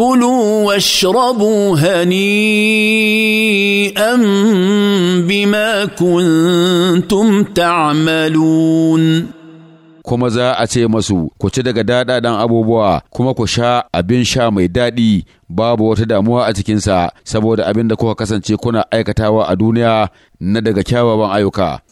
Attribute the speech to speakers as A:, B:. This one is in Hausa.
A: كلوا واشربوا هنيئا
B: بما كنتم تعملون kuma za a ce masu ku ci daga daɗaɗen abubuwa kuma ku sha abin sha mai daɗi babu wata damuwa a cikinsa saboda abin da kuka kasance kuna aikatawa a duniya na daga kyawawan ayyuka